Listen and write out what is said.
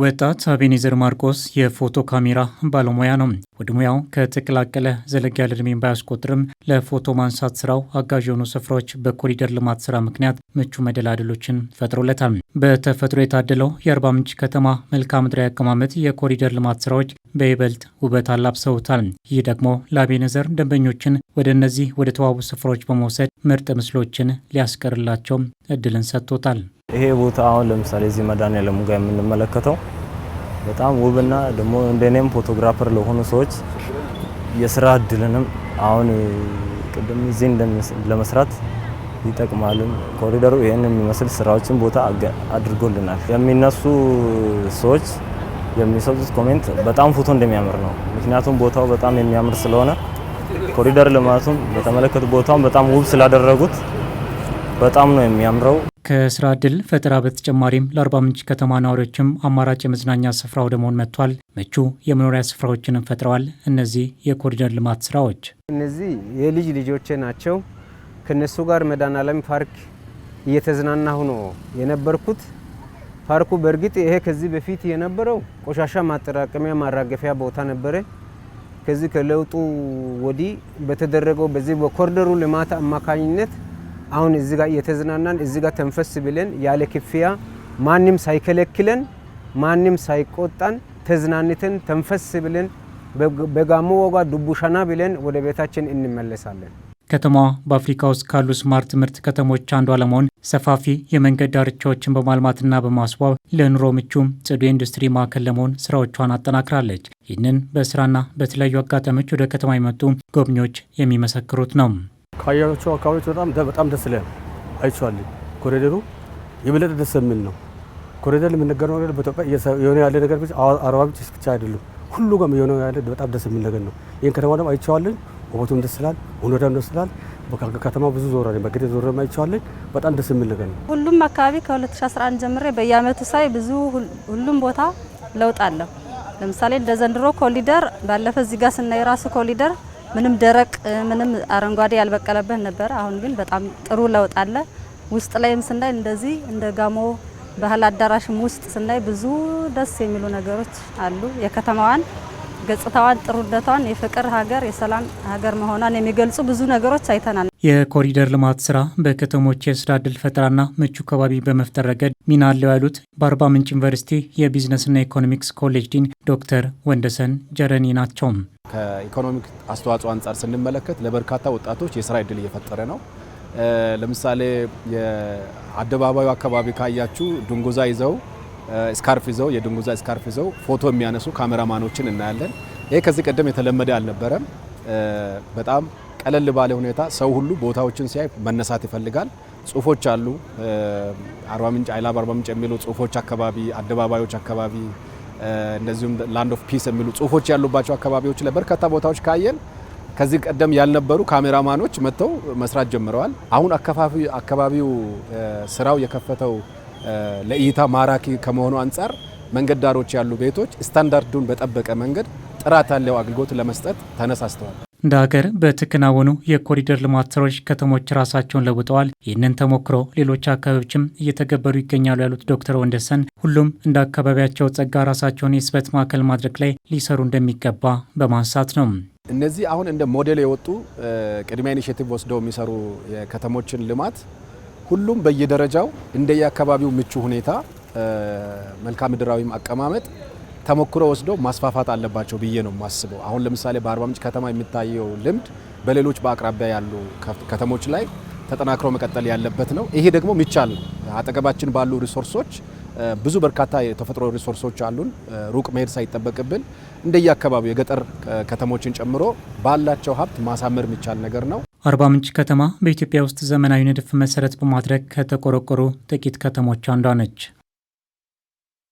ወጣት አቤኔዘር ማርቆስ የፎቶ ካሜራ ባለሙያ ነው። ወደ ሙያው ከተቀላቀለ ዘለግ ያለ ባያስቆጥርም ለፎቶ ማንሳት ስራው አጋዥ የሆኑ ስፍራዎች በኮሪደር ልማት ስራ ምክንያት ምቹ መደላድሎችን ፈጥሮለታል። በተፈጥሮ የታደለው የአርባ ምንጭ ከተማ መልክዓ ምድራዊ አቀማመጥ የኮሪደር ልማት ስራዎች በይበልጥ ውበት አላብሰውታል። ይህ ደግሞ ለአቤኔዘር ደንበኞችን ወደ እነዚህ ወደ ተዋቡ ስፍራዎች በመውሰድ ምርጥ ምስሎችን ሊያስቀርላቸው እድልን ሰጥቶታል። ይሄ ቦታ አሁን ለምሳሌ እዚህ መድኃኔዓለም ጋር የምንመለከተው በጣም ውብና ደግሞ እንደኔም ፎቶግራፈር ለሆኑ ሰዎች የስራ እድልንም አሁን ቅድም እዚህ ለመስራት ይጠቅማልን። ኮሪደሩ ይህን የሚመስል ስራዎችን ቦታ አድርጎልናል። የሚነሱ ሰዎች የሚሰጡት ኮሜንት በጣም ፎቶ እንደሚያምር ነው። ምክንያቱም ቦታው በጣም የሚያምር ስለሆነ ኮሪደር ልማቱም በተመለከቱ ቦታውን በጣም ውብ ስላደረጉት በጣም ነው የሚያምረው። ከስራ ዕድል ፈጠራ በተጨማሪም ለአርባ ምንጭ ከተማ ነዋሪዎችም አማራጭ የመዝናኛ ስፍራ ወደ መሆን መጥቷል። ምቹ የመኖሪያ ስፍራዎችንም ፈጥረዋል። እነዚህ የኮሪደር ልማት ስራዎች እነዚህ የልጅ ልጆቼ ናቸው። ከነሱ ጋር መድኃኔዓለም ፓርክ እየተዝናናሁ ነው የነበርኩት። ፓርኩ በእርግጥ ይሄ ከዚህ በፊት የነበረው ቆሻሻ ማጠራቀሚያ ማራገፊያ ቦታ ነበረ። ከዚህ ከለውጡ ወዲህ በተደረገው በዚህ በኮሪደሩ ልማት አማካኝነት አሁን እዚ ጋር እየተዝናናን እዚ ጋር ተንፈስ ብለን ያለ ክፍያ ማንም ሳይከለክለን ማንም ሳይቆጣን ተዝናንተን ተንፈስ ብለን በጋሞ ወጋ ዱቡሻና ብለን ወደ ቤታችን እንመለሳለን። ከተማዋ በአፍሪካ ውስጥ ካሉ ስማርት ምርት ከተሞች አንዷ ለመሆን ሰፋፊ የመንገድ ዳርቻዎችን በማልማትና በማስዋብ ለኑሮ ምቹም ጽዱ ኢንዱስትሪ ማዕከል ለመሆን ስራዎቿን አጠናክራለች። ይህንን በስራና በተለያዩ አጋጣሚዎች ወደ ከተማ የመጡ ጎብኚዎች የሚመሰክሩት ነው። ካያቸው አካባቢዎች በጣም በጣም ደስ ይላል። አይቼዋለሁ። ኮሪደሩ የበለጠ ደስ የሚል ነው። ኮሪደር የሚነገረው ነገር በኢትዮጵያ የሆነ ያለ ነገር አርባ ምንጭ ብቻ አይደለም፣ ሁሉ ጋም የሆነ ያለ በጣም ደስ የሚል ነገር ነው። ይህን ከተማ ደግሞ አይቼዋለሁ። ውበቱም ደስ ይላል፣ ሁኔታም ደስ ይላል። ከተማ ብዙ ዞራ በግድ ዞረ አይቼዋለሁ። በጣም ደስ የሚል ነገር ነው። ሁሉም አካባቢ ከ2011 ጀምሬ በየአመቱ ሳይ ብዙ ሁሉም ቦታ ለውጥ አለው። ለምሳሌ እንደ ዘንድሮ ኮሊደር ባለፈ እዚህ ጋር ስናይ ራሱ ኮሊደር ምንም ደረቅ ምንም አረንጓዴ ያልበቀለበት ነበረ። አሁን ግን በጣም ጥሩ ለውጥ አለ። ውስጥ ላይም ስናይ እንደዚህ እንደ ጋሞ ባህል አዳራሽም ውስጥ ስናይ ብዙ ደስ የሚሉ ነገሮች አሉ። የከተማዋን ገጽታዋን ጥሩነቷን፣ የፍቅር ሀገር፣ የሰላም ሀገር መሆኗን የሚገልጹ ብዙ ነገሮች አይተናል። የኮሪደር ልማት ስራ በከተሞች የስራ እድል ፈጠራና ምቹ ከባቢ በመፍጠር ረገድ ሚና አለው ያሉት በአርባ ምንጭ ዩኒቨርሲቲ የቢዝነስና ኢኮኖሚክስ ኮሌጅ ዲን ዶክተር ወንደሰን ጀረኒ ናቸው። ከኢኮኖሚክ አስተዋጽኦ አንጻር ስንመለከት ለበርካታ ወጣቶች የስራ እድል እየፈጠረ ነው። ለምሳሌ የአደባባዩ አካባቢ ካያችሁ ድንጉዛ ይዘው ስካርፍ ይዘው የድንጉዛ ስካርፍ ይዘው ፎቶ የሚያነሱ ካሜራማኖችን እናያለን። ይሄ ከዚህ ቀደም የተለመደ አልነበረም። በጣም ቀለል ባለ ሁኔታ ሰው ሁሉ ቦታዎችን ሲያይ መነሳት ይፈልጋል። ጽሁፎች አሉ። አርባ ምንጭ አይላብ አርባ ምንጭ የሚሉ ጽሁፎች አካባቢ አደባባዮች አካባቢ እንደዚሁም ላንድ ኦፍ ፒስ የሚሉ ጽሁፎች ያሉባቸው አካባቢዎች ለበርካታ ቦታዎች ካየን ከዚህ ቀደም ያልነበሩ ካሜራማኖች መጥተው መስራት ጀምረዋል። አሁን አካባቢው ስራው የከፈተው ለእይታ ማራኪ ከመሆኑ አንጻር መንገድ ዳሮች ያሉ ቤቶች ስታንዳርዱን በጠበቀ መንገድ ጥራት ያለው አገልግሎት ለመስጠት ተነሳስተዋል። እንደ ሀገር በተከናወኑ የኮሪደር ልማት ስራዎች ከተሞች ራሳቸውን ለውጠዋል። ይህንን ተሞክሮ ሌሎች አካባቢዎችም እየተገበሩ ይገኛሉ ያሉት ዶክተር ወንደሰን ሁሉም እንደ አካባቢያቸው ጸጋ ራሳቸውን የስበት ማዕከል ማድረግ ላይ ሊሰሩ እንደሚገባ በማንሳት ነው። እነዚህ አሁን እንደ ሞዴል የወጡ ቅድሚያ ኢኒሽቲቭ ወስደው የሚሰሩ የከተሞችን ልማት ሁሉም በየደረጃው እንደየአካባቢው ምቹ ሁኔታ መልክዓ ምድራዊም አቀማመጥ ተሞክሮ ወስደው ማስፋፋት አለባቸው ብዬ ነው የማስበው። አሁን ለምሳሌ በአርባ ምንጭ ከተማ የሚታየው ልምድ በሌሎች በአቅራቢያ ያሉ ከተሞች ላይ ተጠናክሮ መቀጠል ያለበት ነው። ይሄ ደግሞ ሚቻል አጠገባችን ባሉ ሪሶርሶች ብዙ በርካታ የተፈጥሮ ሪሶርሶች አሉን። ሩቅ መሄድ ሳይጠበቅብን እንደየአካባቢው የገጠር ከተሞችን ጨምሮ ባላቸው ሀብት ማሳመር የሚቻል ነገር ነው። አርባ ምንጭ ከተማ በኢትዮጵያ ውስጥ ዘመናዊ ንድፍ መሰረት በማድረግ ከተቆረቆሩ ጥቂት ከተሞች አንዷ ነች።